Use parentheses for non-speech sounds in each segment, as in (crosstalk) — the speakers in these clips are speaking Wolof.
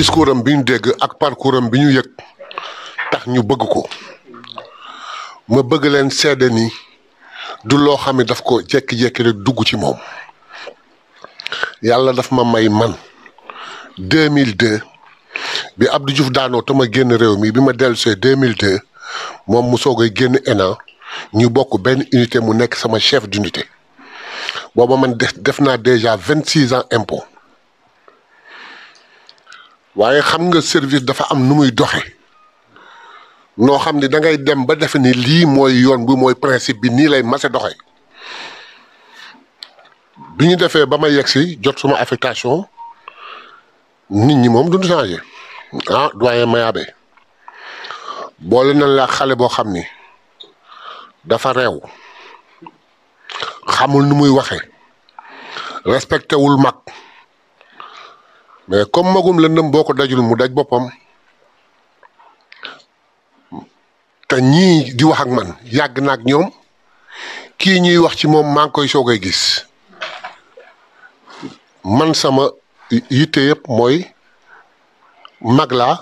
discours bi ñu dégg ak parcours bi ñu yëg tax ñu bëgg ko ma bëgg leen seede ni du loo xam ne daf ko jékki-jékki rek dugg ci moom yàlla daf ma may man 2002 bi Abdou Diouf daanoo te ma génn réew mi bi ma dellusee 2002 moom mu soogay génn ENA ñu bokk benn unité mu nekk sama chef d'unité booba man def def naa déjà vingt six ans impôt waaye xam nga service dafa am nu muy doxe noo xam ni da ngay dem ba defe ni lii mooy yoon bi mooy principe bi nii lay mase doxe bi ñu defee ba ma yegg si jot suma affectation nit ñi moom duñ changé ah doyen Mayabé boole na la xale boo xam ni dafa reew xamul nu muy waxe respecté wul mag mais comme magum lëndëm boo ko dajul mu daj boppam te ñii di wax ak man yàgg na ak ñoom kii ñuy wax ci moom maa ngi koy soogay gis man sama yitte yëpp mooy mag laa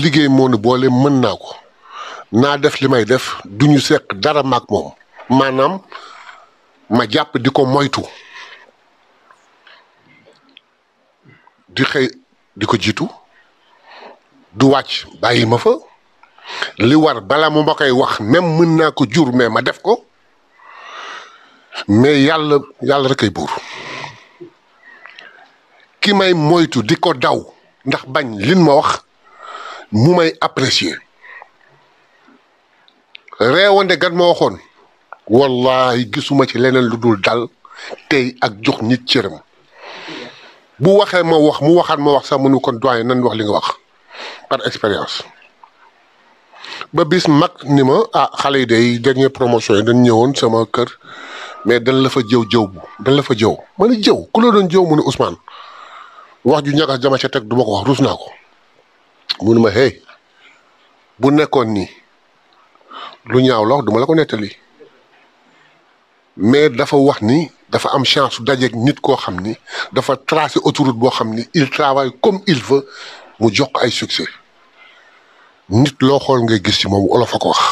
liggéey moo nu boole mën naa ko naa def li may def du ñu seq dara maag moom maanaam ma jàpp di ko moytu di xey diko jitu du wacc bayima fa li war bala mu ma wax même mën na ko jur mais ma def ko mais yalla yalla rekay ay ki may moytu diko daw ndax bagn lin ma wax mu may apprécier reewande gan mo waxone wallahi gisuma ci leneen lu dul dal tey ak jox nit cëram bu waxee ma wax mu waxat ma wax sa munu kon doyen nan wax li nga wax par expérience ba bis mak ni ma ah xalé day dernier promotion dañ ñëwoon sama kër mais dañ la fa jëw jëw bu dañ la fa jëw ma jëw ku la doon jëw mu Ousmane wax ju ñaka jama ci tek du ma ko wax rus nako ko mu ne ma hey bu nekkon ni lu ñaaw la wax la ko netali mais dafa wax ni dafa am chance su dajeeg nit ko xamni ni dafa tracer autoroute bo xamni il travaille comme il veut mu jox ay succès nit lo xol ngay gis ci mom wala fa ko wax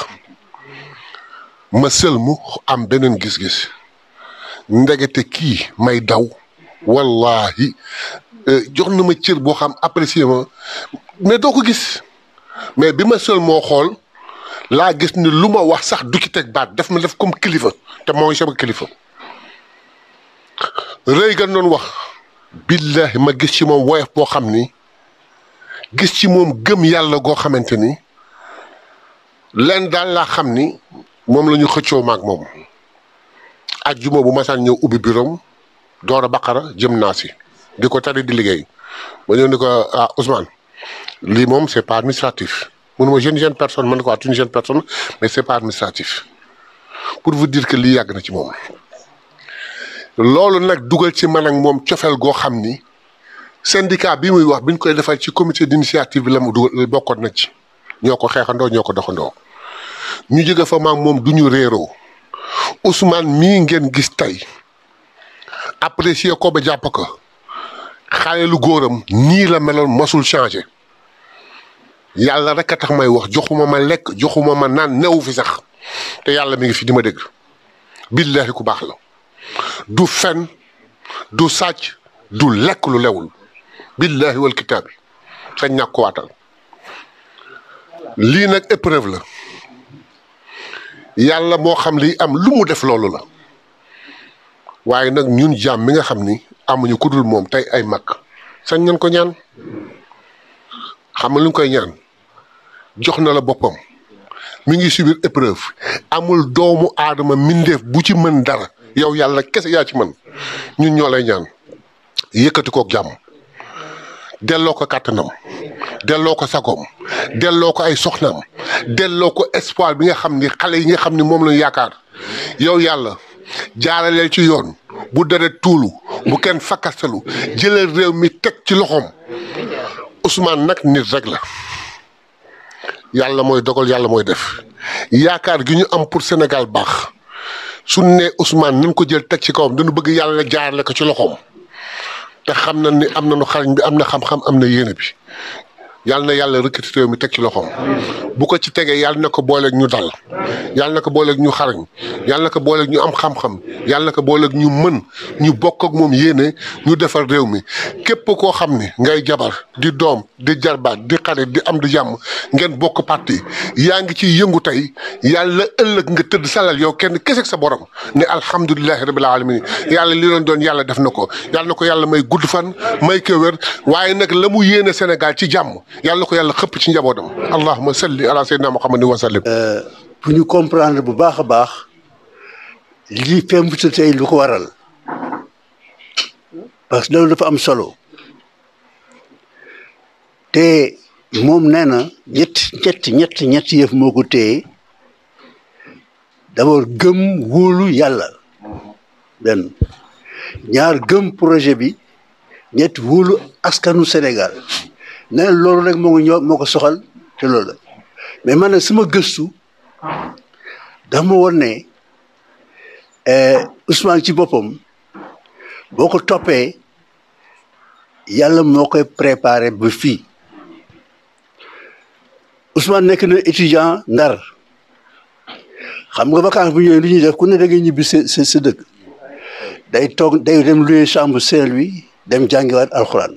ma seul mu am beneen gis-gis ndegete ki may daw wallahi euh, jox na ma cër boo xam apprécié ma mais doo ko gis mais bima seul mo xol la gis ni luma wax sax du ci tek baat def ma def comme kilifa te moy sama kilifa rëy non wax billahi ma gis ci mom woyof bo xamni ni gis ci mom gëm yalla go xamanteni len leen la xamni mom lañu xëccio la mom xëccoo maag bu masaan ñëw ubi birom door bakara jëm nasi diko di tari di liggéey ma ñëw ni a ah, Ousmane lii c'est pas administratif mënu jeune jeune personne man ko at une jeune personne mais c'est pas administratif pour vous dire que li yàgg na ci mom loolu nag dugal ci man ak moom cofeel goo xam ni syndicat bii muy wax bi ñu koy defal ci comité d'initiative bi la mu dugal bokkoon na ci ñoo ko xeexandoo ñoo ko doxandoo ñu jóge fa maag moom du ñu réeroo Ousmane mii ngeen gis tey apprécier ko ba jàpp ko xale lu góoram nii la meloon masul changé yàlla rek a tax may wax joxuma ma lekk joxuma ma naan newu fi sax te yàlla mi ngi fi di ma dégg billahi ku baax la. du fen du sàcc du lekk lu lewul billahi wal sañ ñàkk ko waatal lii nag épreuve la yàlla moo xam lii am lu mu def loolu la waaye nag ñun jaam mi nga xam ni amuñu ku dul moom tey ay mag sañ nañ ko ñaan xam nga lu ñu koy ñaan jox na la boppam mu ngi subir épreuve amul doomu aadama mbindeef bu ci mën dara yow yàlla kese yaa ci man ñu ñoo lay ñaan yëkkati kook jàmm delloo ko kàttanam delloo ko sagoom delloo ko ay soxnaam delloo ko espoir bi nga xam ni xale yi nga xam ni moom lañu yaakaar yow yàlla jaaraleel ci yoon bu dara tuulu bu kenn fakkastalu jëlal réew mi teg ci loxoom Ousmane nag nit rek la yàlla mooy dogal yàlla mooy def yaakaar gi ñu am pour Sénégal baax suñ usmaan Ousmane nañ ko jël teg ci kawam dañu bëgg yàlla jaarale ko ci loxoom te xam na ni am na nu xarañ bi am na xam-xam am na yéene bi yàlla na yàlla rëkkati réew mi teg ci loxoom bu ko ci tegee yàlla na ko booleek ñu dal yàlla na ko booleek ñu xarañ yàlla na ko booleek ñu am xam yàlla ko booleeg ñu mën ñu bokk ak moom yéene ñu defar réew mi képp koo xam ni ngay jabar di doom di jarbaat di xarit di am di jàmm ngeen bokk parti yaa ngi ci yëngu tey yàlla ëllëg nga tëdd salal yow kenn kese sa borom ne alhamdulilahi rabbil alamin yàlla li doon doon yàlla def na ko yàlla na ko yàlla may gudd fan may kéwér waaye nag la mu yéene Sénégal ci jàmm yàlla ko yàlla xëpp ci njabootam. allahuma salli ala sayyidina muhammadin wa sallim. Euh, pour ñu comprendre bu baax a baax lii pembutu tey lu ko waral parce que loolu dafa am solo te moom nee na ñett ñett ñett yëf moo ko téye d'abord gëm wóolu yàlla benn ñaar gëm projet bi ñett wóolu askanu Sénégal. nee na loolu rek moo ngi ñëw moo ko soxal te loolu la mais man suma gëstu dafa ma war ne eh, Ousmane ci boppam boo ko toppee yàlla moo koy préparé ba fii Ousmane nekk na étudiant ndar xam nga vacances bu ñëwee lu ñuy ku ne da ñibbi sa sa dëkk day toog day dem louer chambre saint dem jàngiwaat alxuraan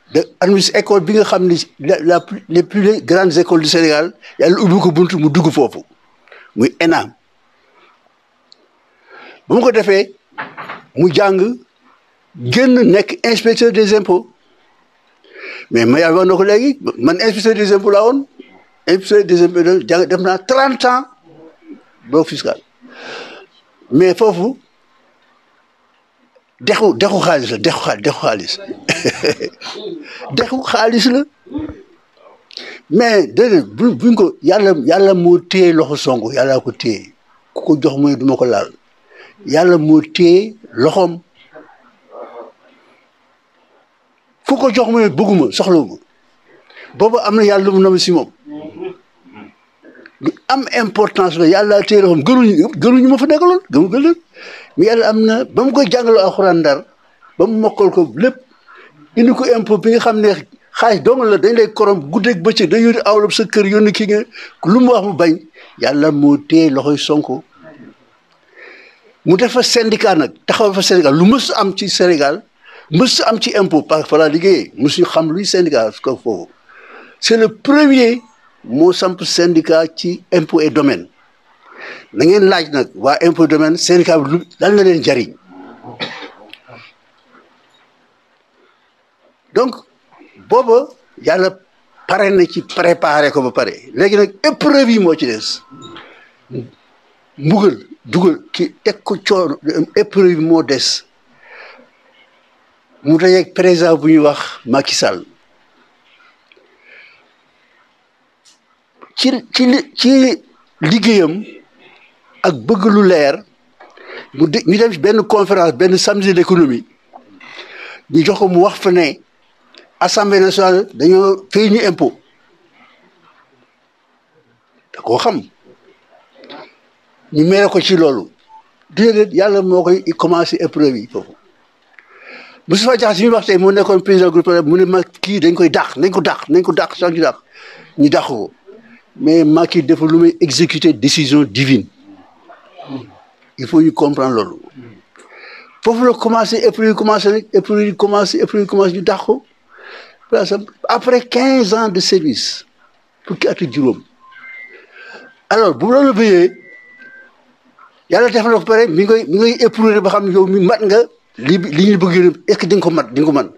les plus grandes écoles du Sénégal yàlla ubbi ko buntu mu dugg foofu muy ENAM bu ko inspecteur des impôts mais ma inspecteur des impôts inspecteur des impôts 30 ans fiscal mais dexu dexu xaalis la dexu xaalis (laughs) dexu xaalis la mais déedéet bu buñ ko yàlla yàlla moo téye loxo Sonko yàlla ko téye ku ko jox mooy duma ko laal yàlla moo téye loxoom ku ko jox mooy bëgguma soxlawuma boobu am na yàlla lu mu nam si moom lu am importance la yàlla téye loxoom gënuñu ñu ma fa nekkaloon gënu gën mais yàlla am na ba mu koy jàngaloo alxuraan ndar ba mu mokkal ko lépp indi ko impo bi nga xam ne xaalis doomal la dañ lay korom guddeeg bëccëg dañ yónni awlab sa kër yónni ki nga lu mu wax mu bañ yàlla moo téye loxoy Sonko mu def fa syndicat nag taxaw fa Sénégal lu mës am ci Sénégal mës am ci impôt parce que fa laa liggéeyee mësuñu xam luy syndicat ko foofu c'est le premier moo samp syndicat ci impôt et domaine na laaj nag waa impôt domaine syndicat bi lu lan na leen jariñ donc booba yàlla pare na ci préparé ko ba pare léegi nag épreuve yi moo ci des mbugal dugal ki teg ko coono épreuve yi moo des mu dajeeg président bu ñuy wax Macky Sall ci ci ci liggéeyam ak bëgg lu leer mu de ñu dem benn conférence benn samedi d'économie ñu jox mu wax fa ne assemblée nationale dañoo fay ñu impôt da koo xam ñu mere ko ci loolu déedéet yàlla moo koy commencé épreuve yi foofu Moustapha Diakhaté si ñu wax tey mu nekkoon président groupe e mu ne ma kii dañ koy dàq nañ ko dàq nañ ko dàq sax ñu dàq ñu dàq ko mais Macky dafa lu muy exécuter décision divine il faut y comprendre l'eau le commencer et puis il commence et puis il commence et puis il commence du après 15 ans de service y ait du alors vous le béyee il y a ko mi il mi ngay le ba xam est-ce que ko mat di il ko man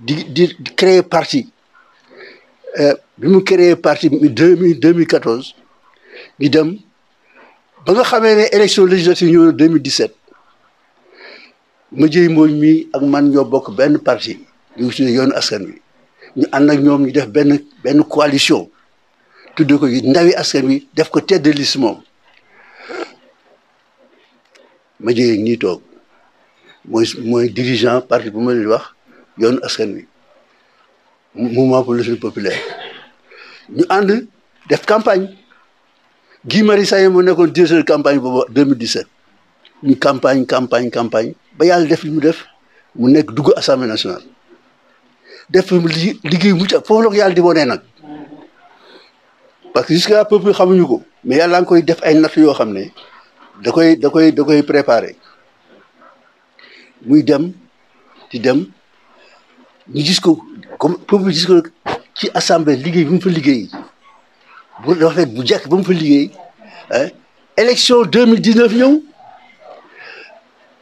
di créer parti euh, bi mu créé parti 2014, dem élection législative ñëw na je mi ak man ñoo bokk parti ñu ngi tuddee askan wi ñu ànd ak ñoom ñu def coalition tuddee ko yi ndawi askan wi def ko tête de moom ma jëy dirigeant parti bu ma wax yoon askan wi mouvement pour populaire ñu ànd def campagne Guy mari Sagna moo nekkoon directeur campagne boobu 2017 ñu campagne campagne campagne ba yàlla def li mu def mu nekk dugg assemblée national def li liggéey mucc foofu la ko yàlla di wonee nag parce que jusqu'à peu xamuñu ko mais yàlla nga koy def ay nat yoo xam ne da koy da koy da koy muy dem di dem ñu gis ko comme ci assemblée liggéey bi fa liggéey bu hein, élection 2019.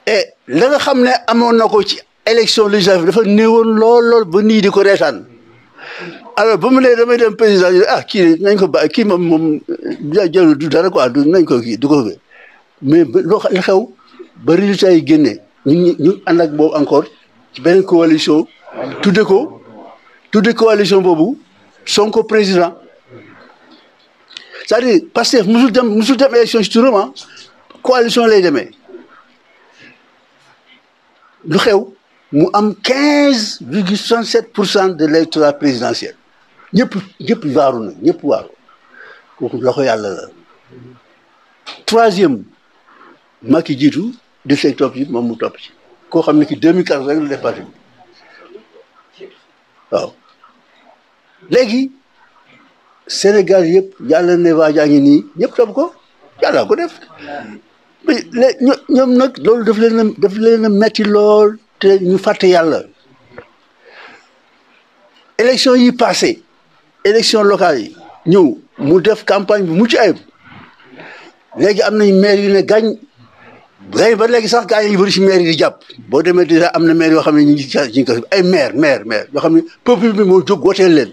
et la ne ko ci élection législative dafa néewoon alors ba mu ne damay dem président ah kii nañ ba kii du dara du mais encore ci beneen coalition tudde ko tudde coalition son co président c'est-à-dire que musul dem musul dem élection ci hein, coalition lay démé lu xew mu am 15,7% de l'électorat présidentiel ñep ñep waaru na ñëpp ko kooku loxo la troisième Macky jiitu de seeg topp yi moom mu topp ci ki 2014 rek la def léegi senegal yëpp yàlla ne waa jaa ngi nii ñëpp tam ko yàlla ko def ñoom nag loolu def leen a daf leen metti lool te ñu fàtte yàlla élection yi passé élection locale yi ñëw mu def campagne mu mucc ayib léegi am na maire yu ne gañ gañ ba léegi sax gaañ yi bëri si maire yi di boo demee dèjà am na maire yoo xam ne ñu ngi ci ay maire maire maire yoo xam ne peuple bi moo jóg wooteel leen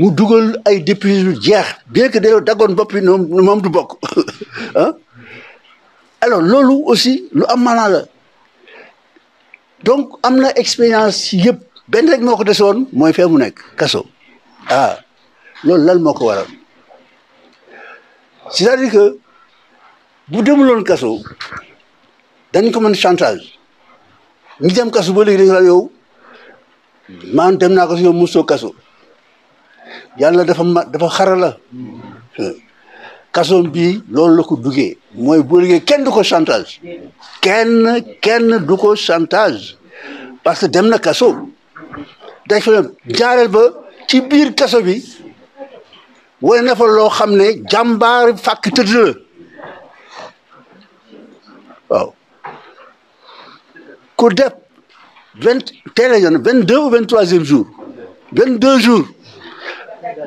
mu dugal ay député yu jeex bien que dañoo daggoon bopp yi moom moom du bokk (laughs) alors loolu aussi lu am maanaa la donc am na expérience yëpp benn rek moo ko desoon mooy fee mu nekk kaso ah loolu lan moo ko waral c'est-à-dire que bu demuloon kaso dañ ko mën chantage ñi dem kaso ba léegi dañu yow maanaam dem naa ko si yow mosoo kaso yàlla defa ma dafa xarala kasoom bii loolu la ko duggee mooy bu liggéey kenn du ko chantage kenn kenn du ko chantage parce que dem na kaso dafa jaareel ba ci biir kaso bi wane na fa loo xam ne jàmbaar fàkk tëdd la waaw ku def vingt teel vingt deux ou vingt troisième jour vingt deux jours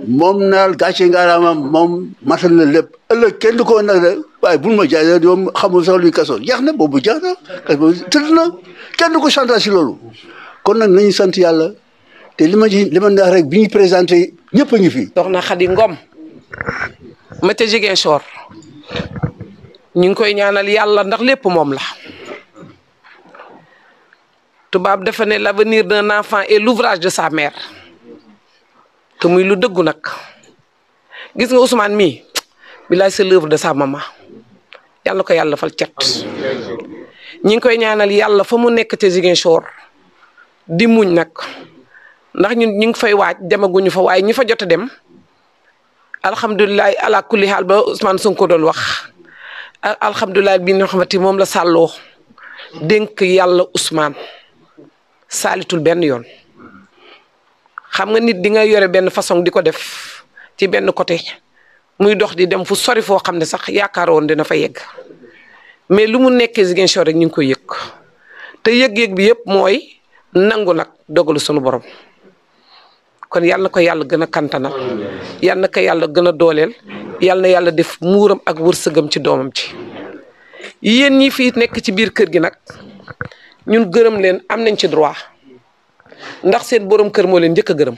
moom naal gàcce ngaaraamam moom matal na lépp ëllëg kenn du ko nag de waaye bul ma jaay yow xamul sax luy kaso jeex na boobu jeex na tëdd na kenn du ko chantage si kon nag nañu sant yàlla te li ma ci li ma neex rek bi ñu présenté ñëpp a ngi fi. soxna Khady Ngom ma ca Ziguinchor ñu ngi koy ñaanal yàlla ndax lépp moom la tubaab dafa ne l' avenir d' un de sa mère. te muy lu dëggu nag gis nga Ousmane mii bilaay c'est l'œuvre de sa maman yàlla ko yàlla fal cet ñi ngi koy ñaanal yàlla fa mu nekk te Ziguinchor di muñ nag ndax ñun ñu ngi fay waaj demaguñu fa waaye ñi fa jot a dem alhamdulilah ala kulli haal ba Ousmane Sonko doon wax alhamdulilah bi nga xamante moom la sàlloo dénk yàlla Ousmane saalitul benn yoon. xam nga nit di nga yore benn façon di ko def ci benn côté muy dox di dem fu sori foo xam ne sax yaakaaroon dina fa yegg mais lu mu nekkee Ziguinchor rek ñu ngi koy yëg te yëg-yëg bi yëpp mooy nangu nag dogalu sunu borom kon yal na ko yàlla gën a kantanal yal na ko yàlla gën a dooleel yal na yàlla def muuram ak wërsëgam ci doomam ci yéen ñi fii nekk ci biir kër gi nag ñun gërëm leen am nañ ci droit. ndax seen borom kër moo leen njëkk a gërëm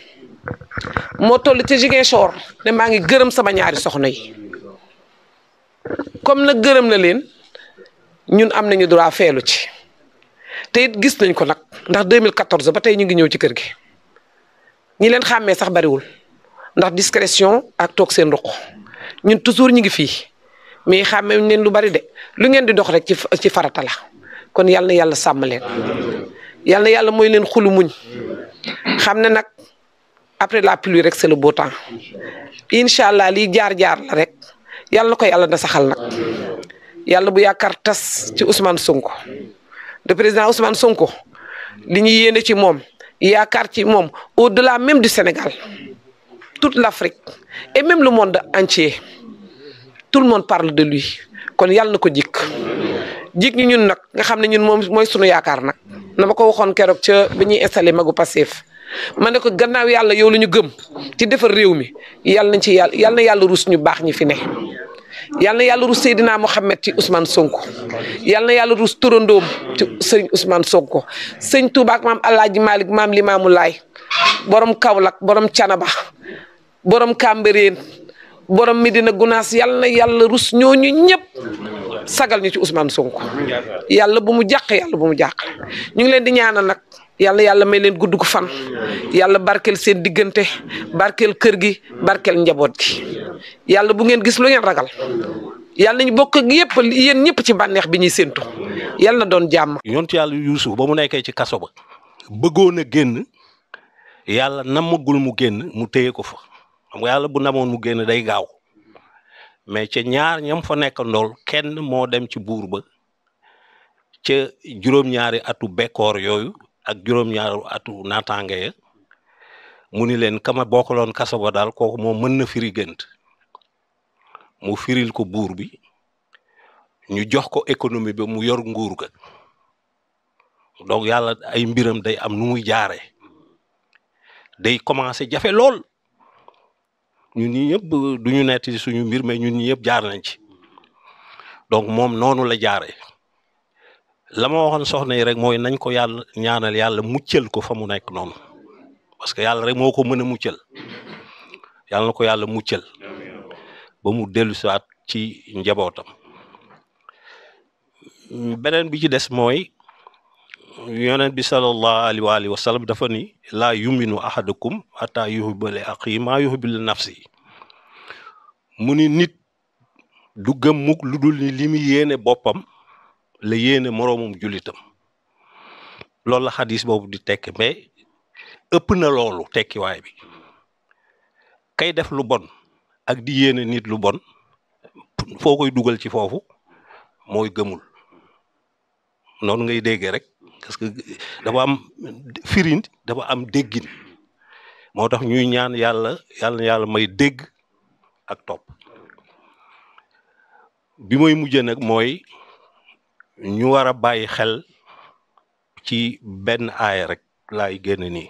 moo toll ca Ziguinchor ne maa ngi gërëm sama ñaari soxna yi comme nag gërëm na leen ñun am nañu droit feelu ci te it gis nañ ko nag ndax 2014 ba tey ñu ngi ñëw ci kër gi ñi leen xàmmee sax bariwul ndax discrétion ak toog seen ruq ñun toujours ñu ngi fii mais xàmmee leen lu bari de lu ngeen di dox rek ci ci farata kon yàlla na yàlla sàmm leen. yalla yalla moy len leen xulu muñ xam nak après la pluie rek c'est le beau temps inshallah li jaar-jaar la rek yalla ko yalla na saxal nak yalla bu yakar tas ci Ousmane Sonko le président Ousmane Sonko li ñu yéene ci mom yakar ci mom au-delà même du Sénégal toute l'Afrique et même le monde entier tout le monde parle de lui kon yalla nako jik jik ñun nak nga xam ne ñun moom mooy sunu yaakaar nag. na ma ko waxoon keroog ca bi ñuy installé magu Pastef ma ne ko gannaaw yàlla yow la ñu gëm ci defar réew mi yàlla nañ ci yàlla yàlla rus ñu baax ñi fi ne. yàlla na yàlla rus Seydina Mohamed ci usman Sonko yàlla yàlla ruus turandoom ci sëñ Ousmane Sonko sëñ Touba ak maam El Hadj maam maam Limaamu Laay borom Kaolack borom Canaba borom Cambérène borom Medina Gunaas yàlla na yàlla rus ñooñu ñëpp. sagal ñu ci Ousmane Sonko yàlla bu mu jàq yàlla bu mu jàq ñu ngi leen di ñaanal nag yàlla yàlla may leen gudd ko fan yàlla barkeel seen diggante barkeel kër gi barkeel njaboot gi yàlla bu ngeen gis lu ngeen ragal yàlla nañu bokk ak yëpp yéen ñëpp ci bànneex bi ñuy séntu yalla doon jàmm. yontu yàlla Yuusuf ba mu nekkee ci kaso ba bëggoon a génn yàlla namagul mu génn mu téye ko fa xam yàlla bu namoon mu génn day gaaw. mais ca ñaar ñam fa nekk ndool kenn moo dem ci buur ba ca juróom-ñaari atu bekkoor yooyu ak juróom-ñaari atu naataange mu ni leen kama bokkaloon kaso daal ko moom mën na firi mu firil ko buur bi ñu jox ko économie bi mu yor nguur ga donc yàlla ay mbiram day am nu muy jaaree day commencé jafe lool ñun ñii ñëpp du ñu nett ci suñu mbir mais ñun ñii ñëpp jaar nañ ci donc moom noonu la jaaree la ma waxoon soxna yi rek mooy nañ ko yàlla ñaanal yàlla muccal ko fa mu nekk noonu parce que yàlla rek moo ko mën a muccal yàlla na ko yàlla muccal ba mu dellu siwaat ci njabootam beneen bi ci des mooy yonent bi sallallahu alayhi wa sallam dafa ni laa yuminu ahadukum hatta yuhibba li axiihi maa yuhibbu li nafsihi mu ni nit du gëm mukk lu dul ni li mu yéene boppam la yéene moroomum jullitam loolu la xadis boobu di tekk mais ëpp na loolu tekkiwaay bi kay def lu bon ak di yéene nit lu bon foo koy dugal ci foofu mooy gëmul noonu ngay déggee rek parce que dafa am firin dafa am déggin moo tax ñuy ñaan yàlla yàlla yàlla may dégg ak topp bi mooy mujjee nag mooy ñu war a bàyyi xel ci benn aaya rek laay génn nii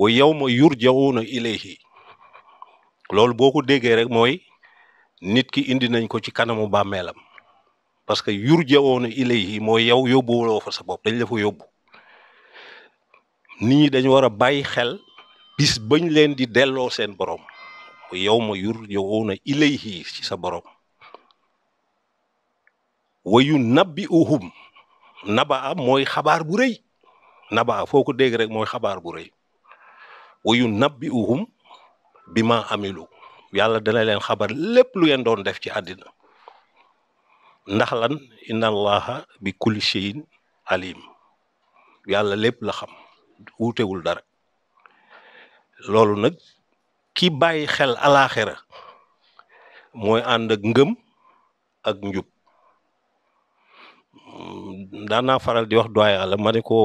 wa yawma yurja'una ilayhi loolu boo ko déggee rek mooy nit ki indi nañ ko ci kanamu bàmmeelam parce que yurjawoona ilayhi mooy yow yóbbuwuloo fa sa bopp dañ la fa yóbbu nit ñi dañ war a bàyyi xel bis bañ leen di delloo seen borom mu yow ma yurjawoona ilayhi ci sa borom wayu nabbi uhum naba a mooy xabaar bu rëy nabaa a foo ko dégg rek mooy xabaar bu rëy wayu nabbi uhum bi ma amilu yàlla dana leen xabar lépp lu ngeen doon def ci àddina ndax lan inna allaha bi kulli shay'in alim yàlla lépp la xam wuutewul dara loolu nag ki bàyyi xel alaaxira mooy ànd ak ngëm ak njub hmm, daan naa faral di wax doy la ma ne ko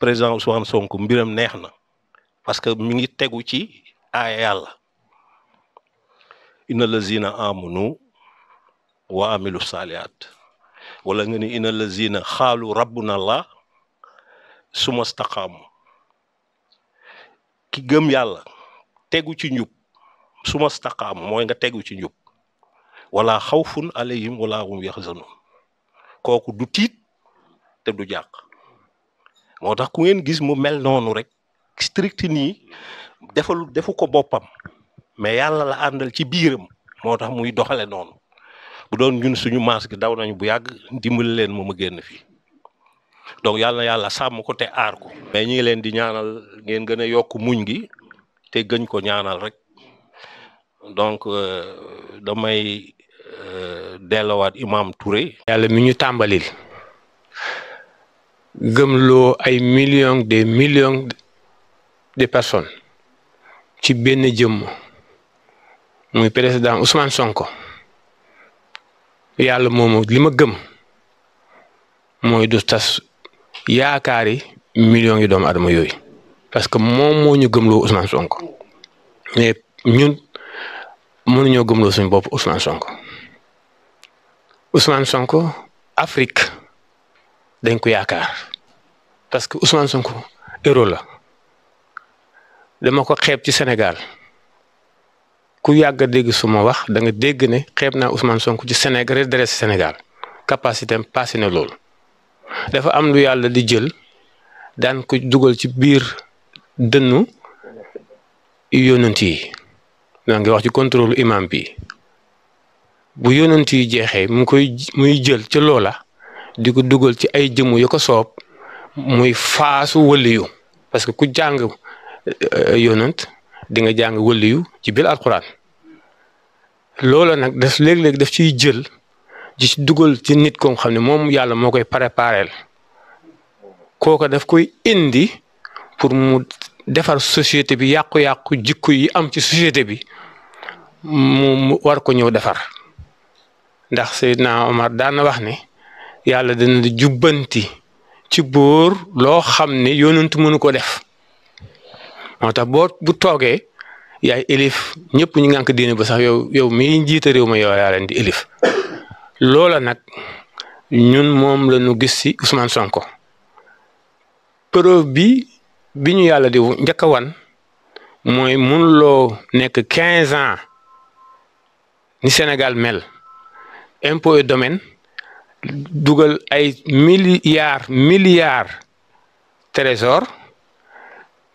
président Ousmane Sonko mbiram neex na parce que mi ngi tegu ci aaya yàlla inna lazina amanu wa amilu saalihaat wala nga ni ina lazina xaalu rabbuna allah suma staqaamu ki gëm yàlla tegu ci njub suma staqaamu mooy nga tegu ci njub wala xawfun alayhim wala hum yaxzanun kooku du tiit te du jàq moo tax ku ngeen gis mu mel noonu rek strict nii defal defu ko boppam mais yàlla la àndal ci biiram moo tax muy doxale noonu bu doon ñun suñu maas gi daw nañu bu yàgg dimbali leen moom a génn fii donc yàlla na yàlla sàmm ko te aar ko. mais ñu ngi leen di ñaanal ngeen gën a yokk muñ gi te gëñ ko ñaanal rek donc euh, damay euh, dellowaat imam Touré. yàlla mi ñu tàmbalil gëmloo ay millions des millions de personnes ci benn jëmm muy président Ousmane Sonko. yàlla moomu li ma gëm mooy du tas yaakaari millions yi doomu adama yooyu parce que moom moo ñu gëmloo Ousmane Sonko mais ñun mënuñoo gëmloo suñ bopp Ousmane Sonko Ousmane Sonko Afrique dañ ko yaakaar parce que Ousmane Sonko héros la dama ko xeeb ci senegal ku yàgg a dégg suma wax danga dégg ne xeeb naa Ousmane sonk ci Sénégal redresse Sénégal capacité am passé na loolu dafa am lu yàlla di jël daan ko dugal ci biir dënnu yonent yi maa ngi wax ci contrôle imam bi bu yonent yi jeexee mu koy muy jël ci loola di ko dugal ci ay jëmm yu ko soob muy faasu wëliyu parce que ku jàng euh, yonent di nga jàng wëliyu ci biir alquran loolo nag daf léeg-léeg daf ciy jël di ci dugal ci nit ko xam ne moom yàlla moo koy prépareel kooka daf koy indi pour mu defar société bi yàqu-yàqu jikko yi am ci société bi mu war ko ñëw defar ndax Seydina Omar daana wax ne yàlla dina jubbanti ci boor loo xam ne yonent mënu koo def Mata tax boo bu ya yaay elif ñepp ñi ngank diine ba sax yow yow mi jité réew ma yow yaa leen di elif loola nak ñun mom la ñu gis si Ousmane Sonko preuve bi bi ñu yàlla di njëkk wan mooy lo nek 15 ans ni Sénégal mel impôt et domaine dugal ay milliards milliards trésors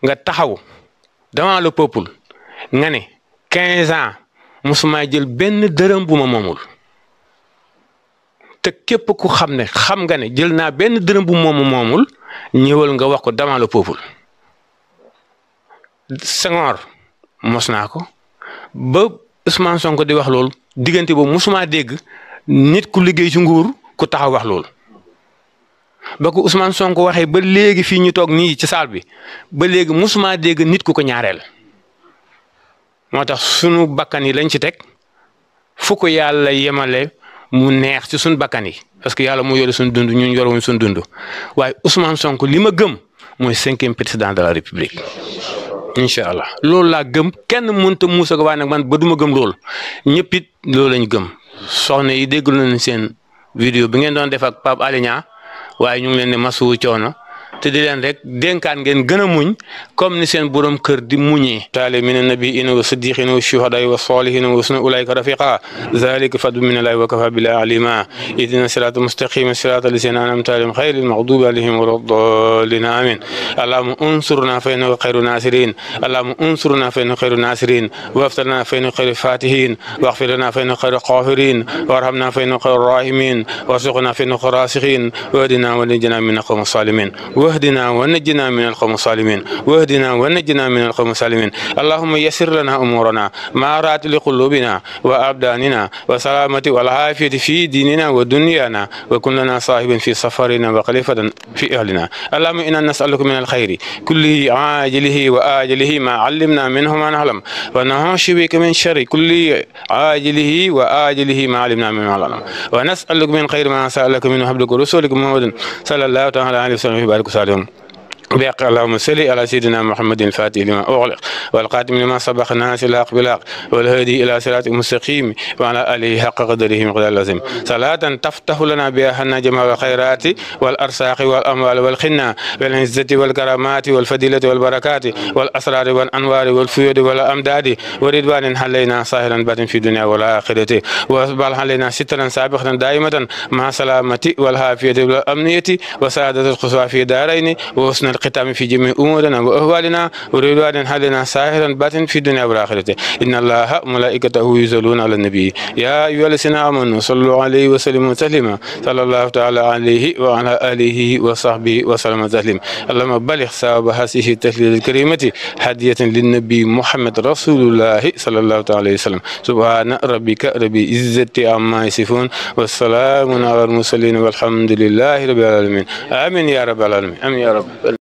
nga taxaw devant le peuple nga ne quinze ans musuma jël benn dërëm bu ma moomul te képp ku xam ne xam nga ne jël naa benn dërëm bu moomu moomul ñëwal nga wax ko devant le peuple Senghor mos naa ko ba Ousmane Sonko di wax loolu diggante boobu musuma dégg nit ku liggéey ci nguur ku taxaw wax loolu. ba ko Ousmane Sonko waxee ba léegi fii ñu toog nii ci saal bi ba léegi musuma dégg nit ku ko ñaareel moo tax sunu bakkan yi lañ ci teg fu ko yàlla yemale mu neex ci sunu bakkan yi parce que yàlla mu yore sunu dund ñun yorewuñ sunu dund waaye Ousmane sonk li ma gëm mooy cinquième président de la république incha allah loolu laa gëm kenn mënta muusa ko waaye nag man ba duma gëm loolu ñëpp it loolu lañ gëm soxna i dégg nañ seen vidéo bi ngeen doon def ak Pape Alé waaye ñu ngi leen di masuwu coono te di leen rek dénkaan ngeen gën a muñ comme ni seen borom kër di muñee taale min annabiina wa siddiqina wa shuhadaai wa salihina wa usna ulaika rafiqa zalika fadlu min allahi wa kafa billahi alima ihdina sirata mustaqima sirata lisina anamta alayhim xayri almaghdubi alayhim wala ddalin amin allahuma unsurna fa innaka xayru nasirin allahuma unsurna fa innaka xayru nasirin waftalna fa innaka xayru fatihin واغفر لنا فإنك خير الغافرين وارحمنا فإنك خير الراحمين وارزقنا فإنك خير الراسخين واهدنا ونجنا من القوم الظالمين واهدنا ونجنا من القوم الصالمين واهدنا ونجنا من القوم الصالمين اللهم يسر لنا أمورنا ما رات لقلوبنا وأبداننا وسلامة والعافية في ديننا ودنيانا وكن لنا صاحبا في سفرنا وخليفة في أهلنا اللهم إنا نسألك من الخير كله عاجله وآجله ما علمنا منه ما نعلم ونعوذ بك من شر كل عاجله وآجله ما علمنا منه ما نعلم ونسألك من خير ما سألك منه عبدك ورسولك محمد صلى الله تعالى عليه وسلم وبارك didn't. بيق اللهم صل على سيدنا محمد الفاتح لما أغلق والقادم لما سبق الناس إلى بلاق والهادي إلى صراط مستقيم وعلى آله حق قدره مقدار لازم صلاة تفتح لنا بها النجم والخيرات والأرساق والأموال والخنا والعزة والكرامات والفضيلة والبركات والأسرار والأنوار والفيود والأمداد ورضوان حلينا صاهرا بات في الدنيا والآخرة وأسبال حلينا سترا سابقا دائما مع سلامتي والعافية والأمنية وسعادة القصوى في دارين وحسن القتام في جميع أمورنا وأهوالنا ونريد أن ساهرا باتن في الدنيا والآخرة إن الله ملائكته يزلون على النبي يا أيها الذين آمنوا صلوا عليه وسلموا تسليما صلى الله تعالى عليه وعلى آله وصحبه وسلم تسليما اللهم بلغ ثواب هذه التسليم الكريمة هدية للنبي محمد رسول الله صلى الله عليه وسلم سبحان ربك رب العزة عما يصفون والسلام على المرسلين والحمد لله رب العالمين آمين يا رب العالمين آمين يا رب